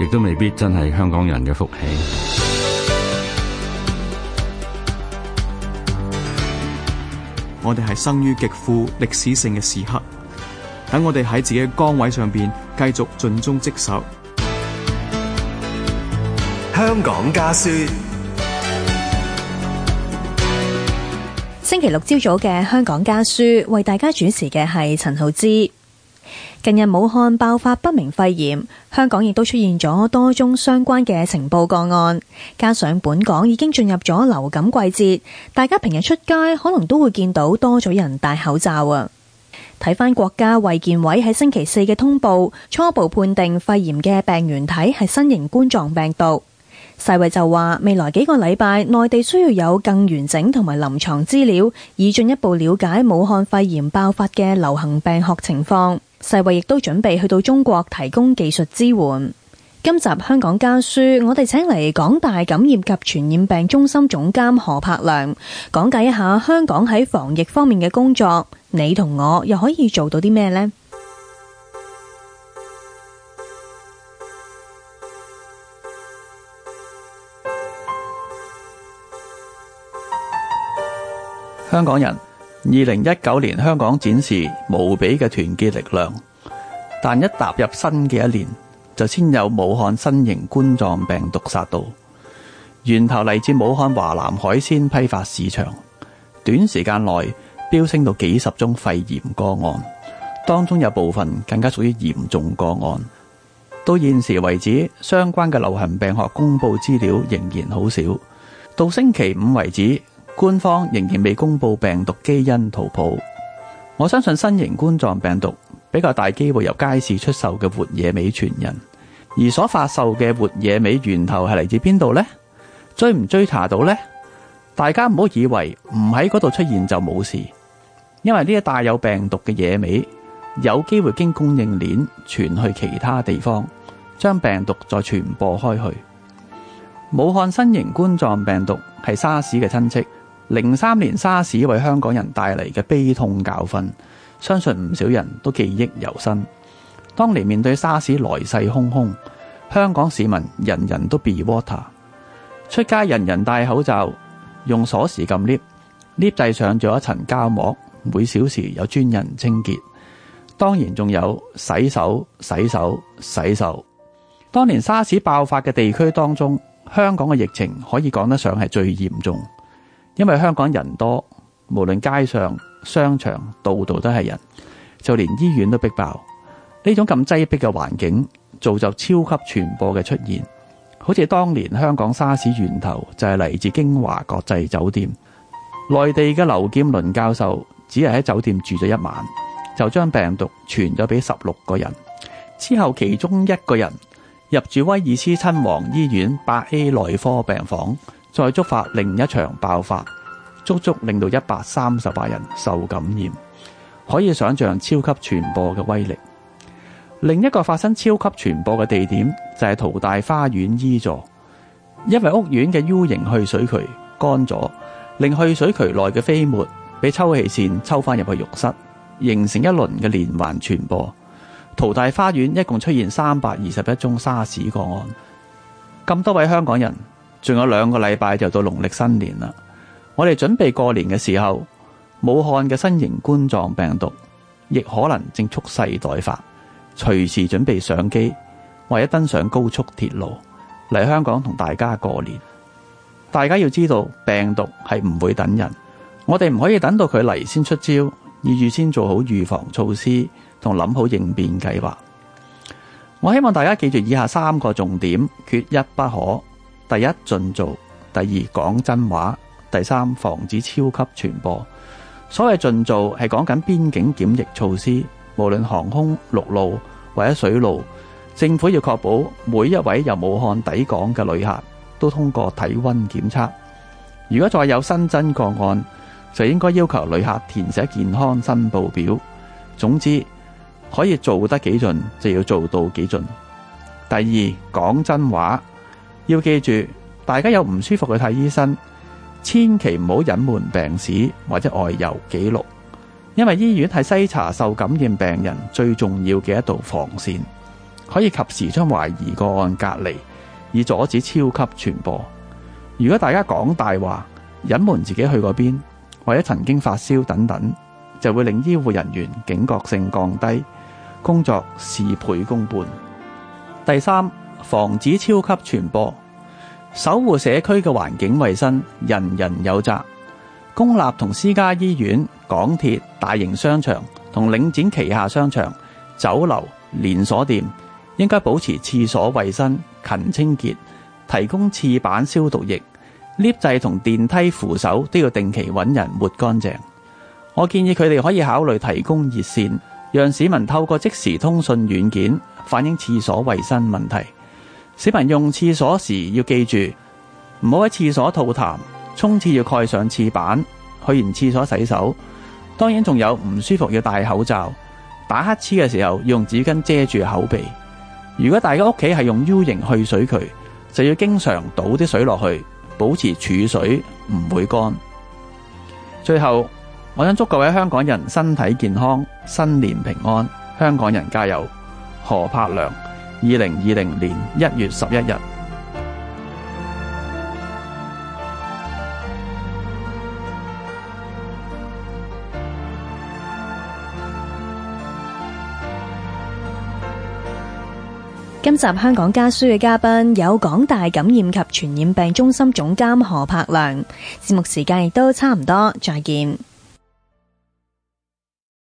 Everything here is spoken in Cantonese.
亦都未必真係香港人嘅福氣。我哋係生於極富歷史性嘅時刻，等我哋喺自己嘅崗位上邊繼續盡忠職守。香港家書，星期六朝早嘅香港家書，為大家主持嘅係陳浩之。近日武漢爆發不明肺炎，香港亦都出現咗多宗相關嘅情報個案。加上本港已經進入咗流感季節，大家平日出街可能都會見到多咗人戴口罩啊！睇返國家衛健委喺星期四嘅通報，初步判定肺炎嘅病原體係新型冠狀病毒。世衛就話，未來幾個禮拜，內地需要有更完整同埋臨床資料，以進一步了解武漢肺炎爆發嘅流行病學情況。世衛亦都準備去到中國提供技術支援。今集《香港家書》，我哋請嚟港大感染及傳染病中心總監何栢良，講解一下香港喺防疫方面嘅工作，你同我又可以做到啲咩呢？香港人，二零一九年香港展示無比嘅團結力量，但一踏入新嘅一年，就先有武漢新型冠狀病毒殺到，源頭嚟自武漢華南海鮮批發市場，短時間內飆升到幾十宗肺炎個案，當中有部分更加屬於嚴重個案。到現時為止，相關嘅流行病學公布資料仍然好少。到星期五為止。官方仍然未公布病毒基因圖譜，我相信新型冠狀病毒比較大機會由街市出售嘅活野味傳人，而所發售嘅活野味源頭係嚟自邊度咧？追唔追查到咧？大家唔好以為唔喺嗰度出現就冇事，因為呢一帶有病毒嘅野味，有機會經供，供應鏈傳去其他地方，將病毒再傳播開去。武漢新型冠狀病毒係沙士嘅親戚。零三年沙士為香港人帶嚟嘅悲痛教訓，相信唔少人都記憶猶新。當年面對沙士來勢洶洶，香港市民人人都 be water，出街人人戴口罩，用鎖匙撳 lift，lift 掣上咗一層膠膜，每小時有專人清潔。當然仲有洗手、洗手、洗手。當年沙士爆發嘅地區當中，香港嘅疫情可以講得上係最嚴重。因為香港人多，無論街上、商場，度度都係人，就連醫院都逼爆。呢種咁擠逼嘅環境，造就超級傳播嘅出現。好似當年香港沙士源頭就係嚟自京華國際酒店。內地嘅劉劍倫教授只係喺酒店住咗一晚，就將病毒傳咗俾十六個人。之後其中一個人入住威爾斯親王醫院八 A 內科病房。再觸發另一場爆發，足足令到一百三十八人受感染，可以想象超級傳播嘅威力。另一個發生超級傳播嘅地點就係淘大花園 E 座，因為屋苑嘅 U 型去水渠乾咗，令去水渠內嘅飛沫被抽氣扇抽翻入去浴室，形成一輪嘅連環傳播。淘大花園一共出現三百二十一宗沙士個案，咁多位香港人。仲有兩個禮拜就到農曆新年啦。我哋準備過年嘅時候，武漢嘅新型冠狀病毒亦可能正蓄勢待發，隨時準備上機，或者登上高速鐵路嚟香港同大家過年。大家要知道，病毒係唔會等人，我哋唔可以等到佢嚟先出招，而預先做好預防措施，同諗好應變計劃。我希望大家記住以下三個重點，缺一不可。第一盡，做，第二講真話，第三防止超級傳播。所謂盡做，係講緊邊境檢疫措施，無論航空、陸路或者水路，政府要確保每一位由武漢抵港嘅旅客都通過體溫檢測。如果再有新增個案，就應該要求旅客填寫健康申報表。總之，可以做得幾盡就要做到幾盡。第二講真話。要記住，大家有唔舒服去睇醫生，千祈唔好隱瞞病史或者外遊記錄，因為醫院係篩查受感染病人最重要嘅一道防線，可以及時將懷疑個案隔離，以阻止超級傳播。如果大家講大話、隱瞞自己去過邊或者曾經發燒等等，就會令醫護人員警覺性降低，工作事倍功半。第三。防止超級傳播，守護社區嘅環境衛生，人人有責。公立同私家醫院、港鐵、大型商場同領展旗下商場、酒樓、連鎖店應該保持廁所衛生勤清潔，提供廁板消毒液，lift 掣同電梯扶手都要定期揾人抹乾淨。我建議佢哋可以考慮提供熱線，讓市民透過即時通訊軟件反映廁所衛生問題。市民用廁所時要記住，唔好喺廁所吐痰，沖廁要蓋上廁板，去完廁所洗手。當然仲有唔舒服要戴口罩，打乞嗤嘅時候要用紙巾遮住口鼻。如果大家屋企係用 U 型去水渠，就要經常倒啲水落去，保持儲水唔會乾。最後，我想祝各位香港人身體健康，新年平安。香港人加油！何柏良。二零二零年一月十一日，今集香港家書嘅嘉賓有港大感染及傳染病中心總監何栢良，節目時間亦都差唔多，再見。